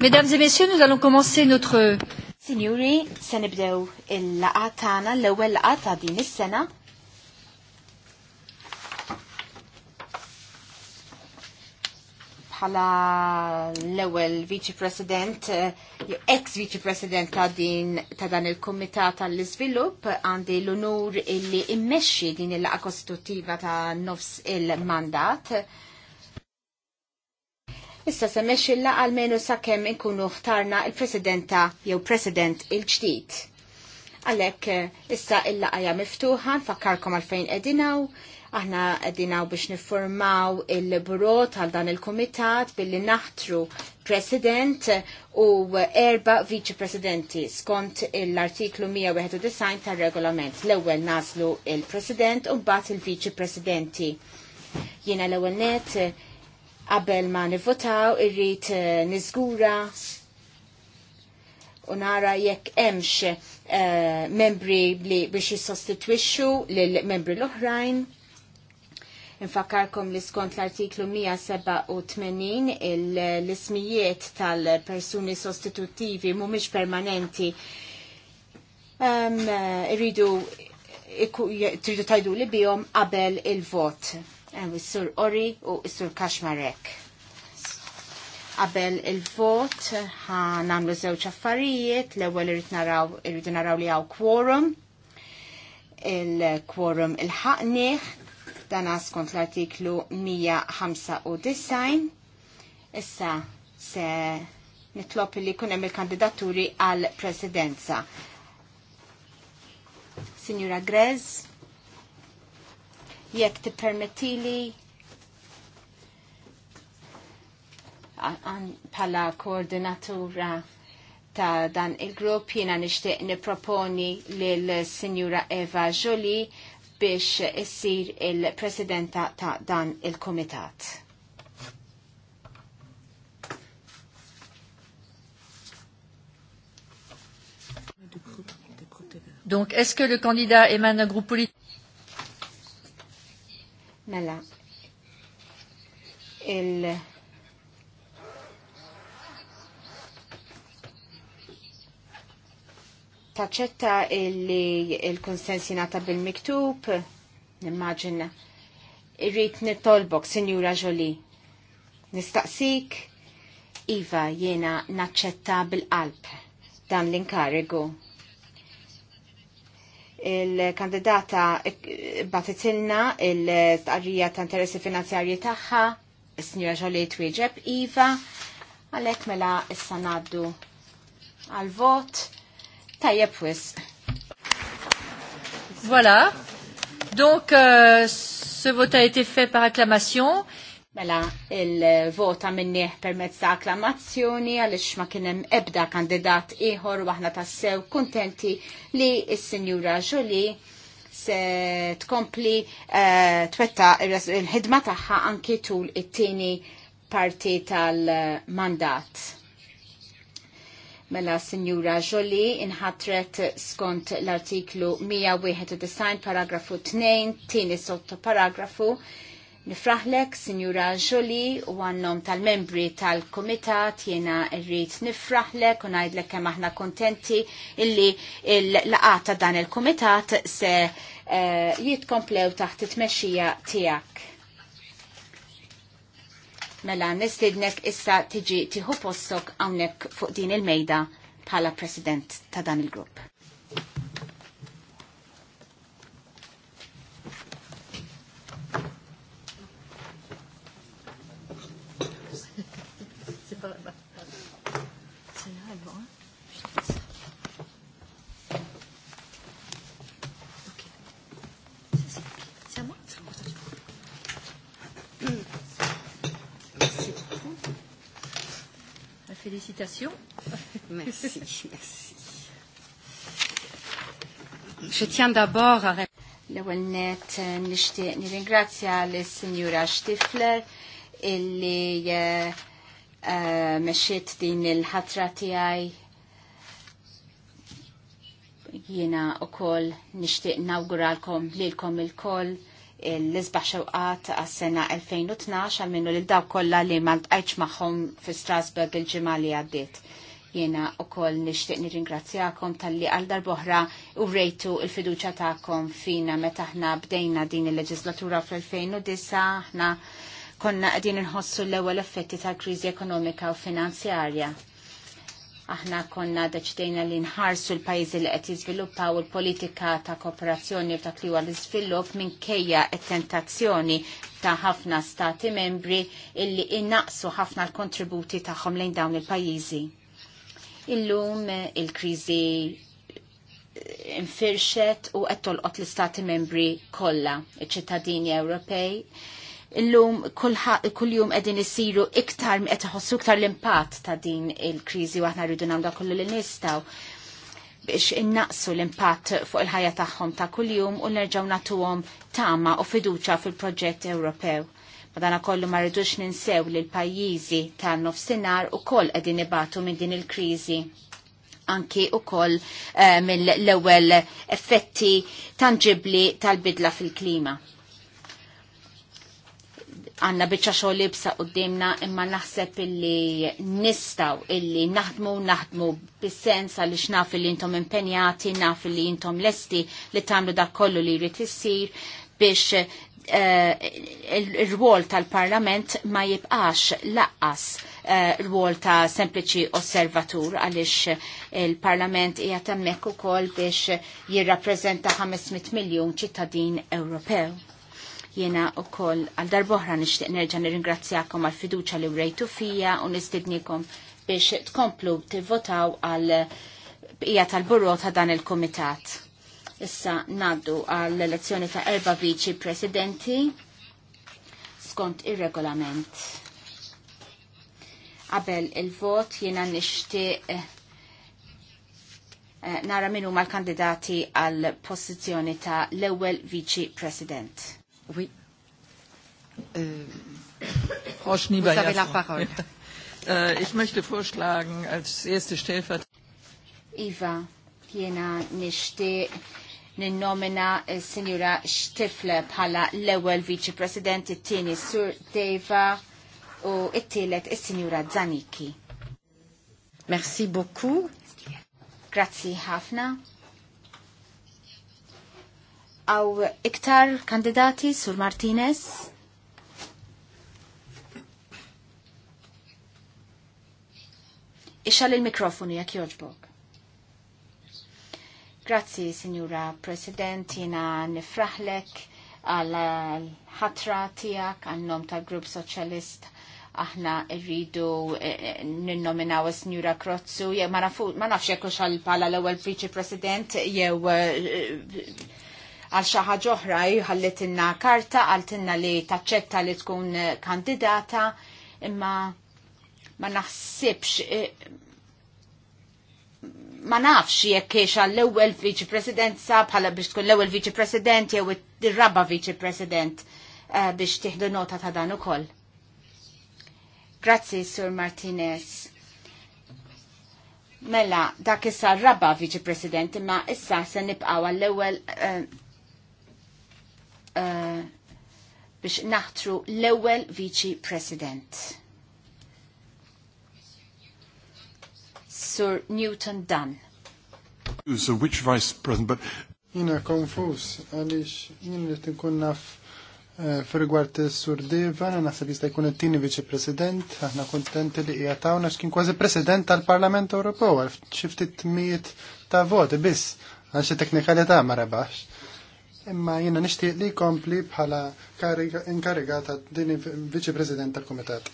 Mesdames et messieurs, nous allons commencer notre... Signori, se nibdew il-laqa l ewel laqa ta' din is-sena. Bħala l ewel vice President, ex eh, vice President ta' din ta' dan il-Kumitat tal-Iżvilupp għandi l onur illi immexxi din il-laqa kostitutiva ta' nofs il-mandat. il mandat Issa semmex illa għalmenu sakemm inkunu ħtarna il-presidenta jew president il-ġdid. Għalek, eh, issa il-laqja miftuħa, nfakkarkom għalfejn edinaw, aħna edinaw biex niformaw il-buro tal dan il-komitat billi naħtru president u erba viċi-presidenti skont l-artiklu 191 tal-regolament. L-ewel nazlu il-president u bat il-viċi-presidenti. Jena l-ewel net Qabel ma nivvotaw irrid eh, niżgura u nara jekk hemmx eh, membri li biex jissostitwixxu lil membri l-oħrajn. Infakarkom li skont l-artiklu 187 l-ismijiet tal-persuni sostitutivi mhumiex permanenti um, irridu tridu tajdu li bijom qabel il-vot. Sur Ori u Sur Kashmarek. Qabel il-vot ha namlu żewġ affarijiet, l-ewwel naraw irridu naraw li hawn quorum. Il-quorum il-ħaqnieh dan skont l-artiklu 195. Issa se nitlop li kun hemm il-kandidaturi għal presidenza. Signora Grez, jekk tippermettili pala koordinatura ta' dan il-grupp jiena nixtieq niproponi lil sinjura Eva Jolie biex issir il-presidenta ta' dan il-komitat. Donc, est-ce que le candidat émane d'un groupe politique Mela, il- taċċetta li il-konsens jinata bil-miktub, nimmaġin, Irrid nittolbok, Sinjura Ġoli. Nistaqsik, Iva jiena naċċetta bil-qalb dan l-inkarigu il-kandidata batitilna il tarrija ta' interessi finanzjarji taħħa, is signora Ġoli Twieġeb Iva, għalek mela issa sanaddu għal-vot. Tajjeb wis. Voilà. Donc, euh, ce vote a été fait par acclamation. Mela il-vota minni permezz ta' akklamazzjoni għaliex ma kienem ebda kandidat ieħor u aħna tassew kuntenti li s-Sinjura Jolie se tkompli eh, twetta il-ħidma tagħha anki tul it-tieni parti tal-mandat. Mela Sinjura Jolie inħatret skont l-artiklu 191 paragrafu 2, tieni sotto paragrafu Nifraħlek, Sinjura Joli, u għannom tal-membri tal-komitat jena rrit nifraħlek u najdlek kemm aħna kontenti illi l-laqata dan il-komitat se uh, jitkomplew taħt it mexija tiegħek. Mela nistidnek issa tiġi tiħu postok hawnhekk fuq din il-mejda bħala president ta' dan il-grupp. invitation. Merci, merci. Je tiens d'abord à... L-ewel net eh, nishtiq nirringrazzja l-Sinjura Stifler illi eh, eh, meċiet din il-ħatra tijaj jiena u koll nishtiq nawguralkom lilkom il-koll l-isbaħ xewqat għas-sena 2012 għal minnu l-daw kolla li ma tqajċ maħħom fi Strasburg il-ġimgħa li għaddiet. Jena u koll nishtiq nirringrazzjakom tal-li għal darboħra u rejtu il-fiduċa ta'kom fina meta ħna bdejna din il-leġislatura fl-2009 ħna konna qegħdin inħossu l-ewwel effetti tal-kriżi ekonomika u finanzjarja Aħna konna deċdejna li nħarsu l-pajizi li qed jiżviluppaw il-politika ta' kooperazzjoni u ta' kliwa l-iżvilupp minkejja tentazzjoni ta' ħafna stati membri illi innaqsu ħafna l-kontributi tagħhom lejn dawn il-pajjiżi. Illum eh, il-kriżi eh, infirxet u qed tolqot l-istati membri kollha, iċ-ċittadini Ewropej Illum kull-jum edin isiru iktar qed iħossu iktar l-impatt ta' din il-kriżi u rridu nagħmlu kullu li nistgħu biex innaqsu l-impatt fuq il-ħajja tagħhom ta' kuljum u nerġgħu nagħtuhom tama u fiduċa fil-proġett Ewropew. Madana kollu ma rridux ninsew li l-pajjiżi tan-nofsinhar ukoll qegħdin ibatu minn din il-kriżi anki u koll uh, eh, mill-ewel effetti tangibli tal-bidla fil-klima għanna bieċa xogħol ibsa qudiemna imma naħseb illi nistaw illi naħdmu naħdmu bis-sens għaliex naf illi intom impenjati, naħf illi intom lesti li tagħmlu dak kollu li jrid issir biex eh, il rwol tal-Parlament ma jibqax laqqas eh, rwol ta' sempliċi osservatur għaliex il-Parlament hija temmek ukoll biex jirrappreżenta 500 miljun ċittadin Ewropew Jena u koll għal darboħra nishtiq nerġa nirringrazzjakom għal fiduċa li urejtu fija u nistidnikom biex tkomplu tivvotaw għal bqija tal-burro ta' dan il-komitat. Issa naddu għall elezzjoni ta' erba viċi presidenti skont ir-regolament. Qabel il-vot jena nishtiq eh, nara minnu mal-kandidati għal pożizzjoni ta' l-ewwel viċi president. Oui. Euh, Frau Schnieber, vous avez la parole. äh, ich möchte vorschlagen, als erste Stellvertreter. Iva, jena nishti ninnomina eh, Signora Stifle bħala l-ewel Vice President, it-tieni Sur Deva u it-tielet is-Signora Zaniki. Merci beaucoup. Grazie ħafna. Għaw iktar kandidati sur Martinez? Ixħal il-mikrofonu jak joġbok. Grazzi, Signora President, jina nifraħlek għal ħatra tijak għal-nom tal-Grupp Soċjalist aħna rridu eh, eh, ninnominaw s-Njura Krozzu, ma nafx jekk għal pala l-ewel Vice President jew eh, għal xi ħaġa oħra ħallitinna karta għaltinna li taċċetta li tkun kandidata imma ma naħsibx e, ma nafx jekk kiex għall-ewwel viċi president sa bħala biex tkun l-ewwel viċi president jew ir-raba viċi president e, biex tieħdu nota ta' dan ukoll. Grazzi, Sur Martinez. Mela, dak issa raba viċi president, imma issa se nibqaw għall-ewwel e, Eh, biex naħtru l ewel viċi president. Sir Newton Dunn. So which vice president, but... Jina konfus, għalix jina li tinkun naf eh, Fir-rigward Sur Deva, naħseb jista' jkun it tini viċi-president, għana kontenti li hija tawna x'kien kważi president tal-Parlament Ewropew għal xi miet ta' voti bis, għal xi teknikalità ma rebax imma jiena nixtieq li jkompli bħala inkarigata din viċi President tal-Kumitat.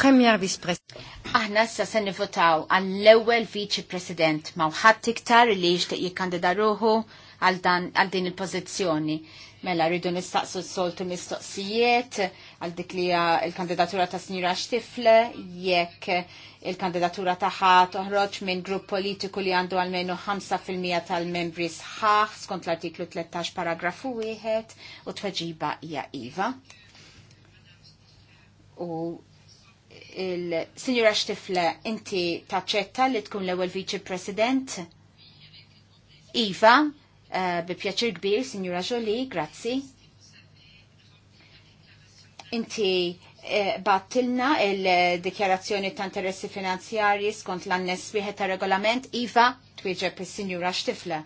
Premier Vice President. Aħna issa se votaw għall-ewwel Viċi President ma' uħat iktar li jixtieq jikkandida ruħu għal din il-pozizjoni. Mela rridu nistaqsu s-soltu mistoqsijiet għal dik li il-kandidatura ta' Snira Xtifle jekk il-kandidatura ta' taħħa toħroġ minn grupp politiku li għandu għalmenu 5% tal-membri sħaħ skont l-artiklu 13 paragrafu 1 u tweġiba hija iva. U il-Sinjura Xtifle inti taċċetta li tkun l-ewwel viċi President? Iva, Eh, bi pjaċir kbir, Signora Jolie, grazzi. Inti eh, battilna il-dikjarazzjoni ta' interessi finanzjarji skont l-annes wieħed ta' regolament IVA twieġeb is-Sinjura Stifle.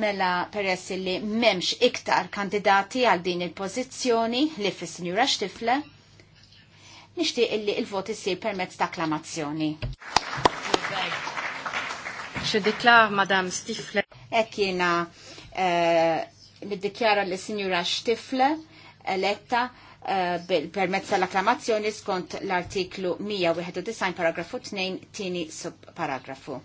Mela peress li m'hemmx iktar kandidati għal din il-pożizzjoni li fis-Sinjura Stifle. nixtieq illi l vot isir permezz ta' akklamazzjoni. Xi déclare Madam Stifle ekkina eh, niddikjara li sinjura Xtifle eletta eh, permezz l-akklamazzjoni skont l-artiklu 191 paragrafu 2 tini subparagrafu.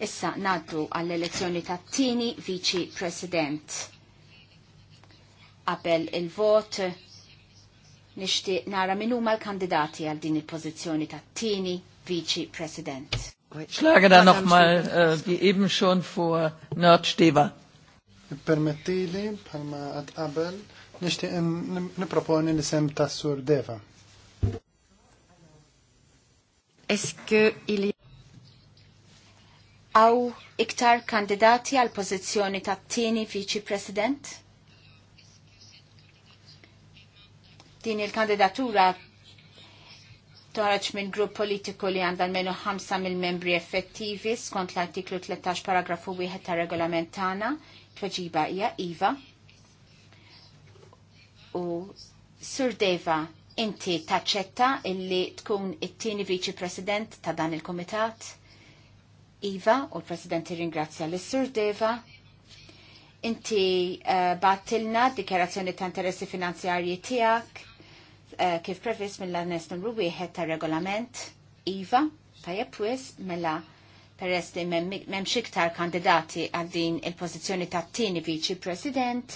Issa naddu għall-elezzjoni ta' tini viċi president. Qabel il-vot nixtieq nara min huma l-kandidati għal din il-pożizzjoni ta' tini viċi president schlage da nochmal äh, die eben schon vor Nordstever. Permettili, bħalma Abel, qabel, nishtiq niproponi l-isem ta' Sur Deva. Eske il għaw iktar kandidati għal pożizzjoni ta' tini vice president? Din il-kandidatura toħraċ minn grupp politiku li għandha almenu 5 mill-membri effettivi skont l-artiklu 13 paragrafu 1 ta' regolament tagħna, tweġiba hija iva. U Sur Deva, inti taċċetta illi tkun it-tieni viċi president ta' dan il-komitat? Iva, u l-President ringrazzja l-Sur Deva. Inti uh, battilna dikjarazzjoni ta' interessi finanzjarji tiegħek Eh, kif previs mill-annes numru wieħed ta' regolament IVA tajjeb wis mela peress li memx iktar kandidati għal din il-pożizzjoni ta' tieni viċi president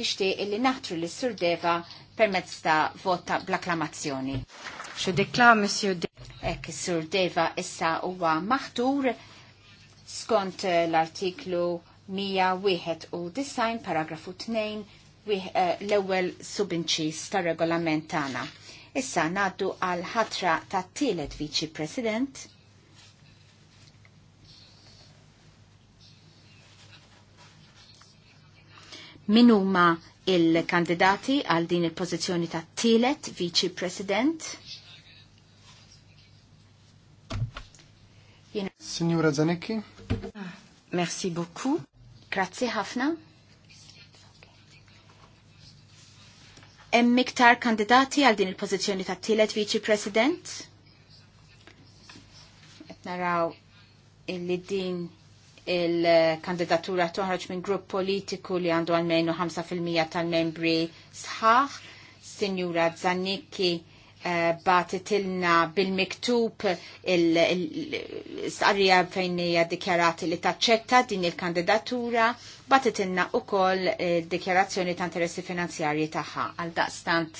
nixtieq illi naħtru li surdeva permezz ta' vota bl-akklamazzjoni. Xu dekla, Monsieur De... Ek, Sur Deva issa huwa maħtur skont eh, l-artiklu 191 paragrafu 2 Eh, l-ewwel subinċis tar regolament tagħna. Issa ngħaddu għal ħatra ta' tielet viċi President. Min huma il-kandidati għal din il-pożizzjoni ta' tielet viċi President? Signora Zanecki. Ah, merci beaucoup. Grazie ħafna. Hemm iktar kandidati għal din il-pożizzjoni ta' tielet viċi president? Qed naraw illi din il-kandidatura toħroġ minn grupp politiku li għandu għalmenu 5% tal-membri sħaħ, Sinjura Zannikki Eh, batitilna bil-miktub il-sarja fejn hija dikjarati li taċċetta din il-kandidatura, batitilna u koll eh, dikjarazzjoni ta' interessi finanzjarji tagħha għal daqstant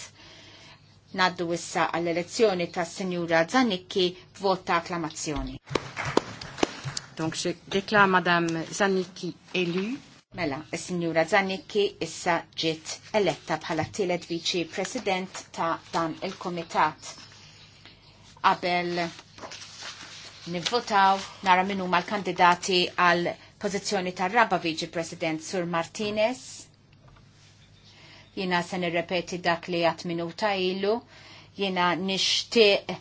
naddu issa għall-elezzjoni ta' Sinjura Zanikki b'vot ta' akklamazzjoni. Donc je déclare Madame Zanicki élue Mela, il-Sinjura Zanicki issa ġiet eletta bħala tielet viċi president ta' dan il-komitat. Qabel nivvotaw nara minnu l kandidati għal pozizjoni tar raba viċi president Sur Martinez. Jina se nirrepeti dak li għat minuta ilu. Jina nishtiq uh,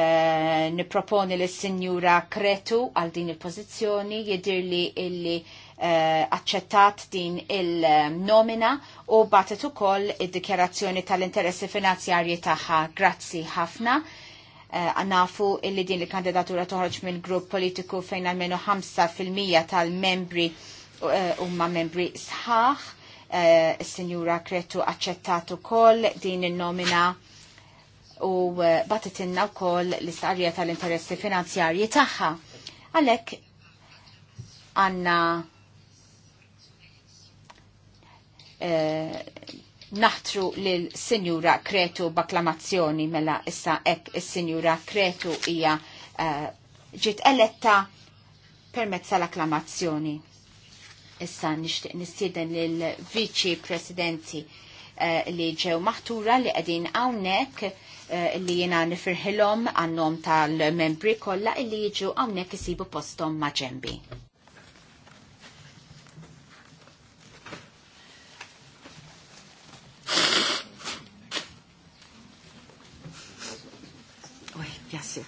eh, niproponi l sinjura Kretu għal din il-pozizjoni jidhirli illi Eh, aċċettat din il-nomina u batet ukoll id dikjerazzjoni tal-interessi finanzjarji tagħha. Grazzi ħafna. Eh, nafu illi din il-kandidatura toħroġ minn grupp politiku fejn almenu 5% tal-membri huma eh, membri sħaħ. Is-Sinjura Kretu aċċettat ukoll din il-nomina u batitinna wkoll l istarja tal-interessi finanzjarji tagħha. Għalhekk għanna Eh, naħtru l sinjura Kretu b'akklamazzjoni mela issa hekk is-Sinjura Kretu hija eh, ġiet eletta permezz tal-akklamazzjoni. Issa nixtieq nistieden lill viċi presidenti eh, li ġew maħtura li qegħdin hawnhekk li jiena nifirħilhom għannom tal-membri kollha li jiġu hawnhekk isibu posthom ma' ġembi. Grazie.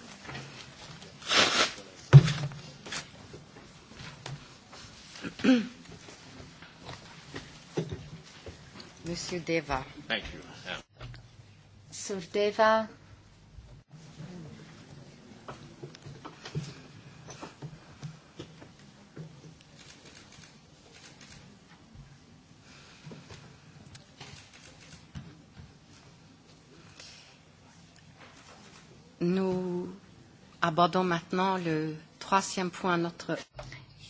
Monsieur Deva. Thank you. Yeah. Sur Deva. Nous abordons maintenant le troisième point notre.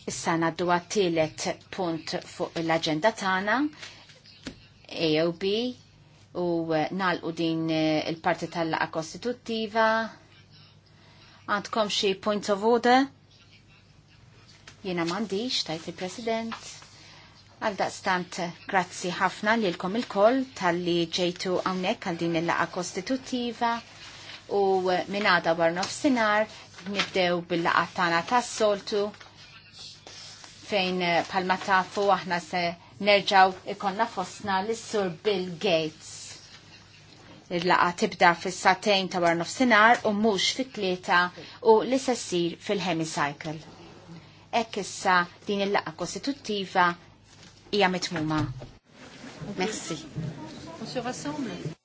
Issa naddu għattilet punt fuq l-agenda tagħna AOB u eh, u din eh, il-parti tal-laqa kostituttiva. Għandkom xi point of order? Jiena m'għandix tajt il-President. Għal daqstant, grazzi ħafna lilkom il-koll tal-li ġejtu hawnhekk għal din il-laqa kostituttiva u eh, minada warnof sinar nibdew bil-laqatana tas-soltu fejn eh, palma tafu aħna se nerġaw ikonna fosna l-sur Bill Gates. Il-laqa tibda fis-satejn ta' warnof sinar u mhux fit-tlieta u li se ssir fil-hemicycle. Hekk issa din il-laqa kostituttiva hija mitmuma. Merci. On se rassemble.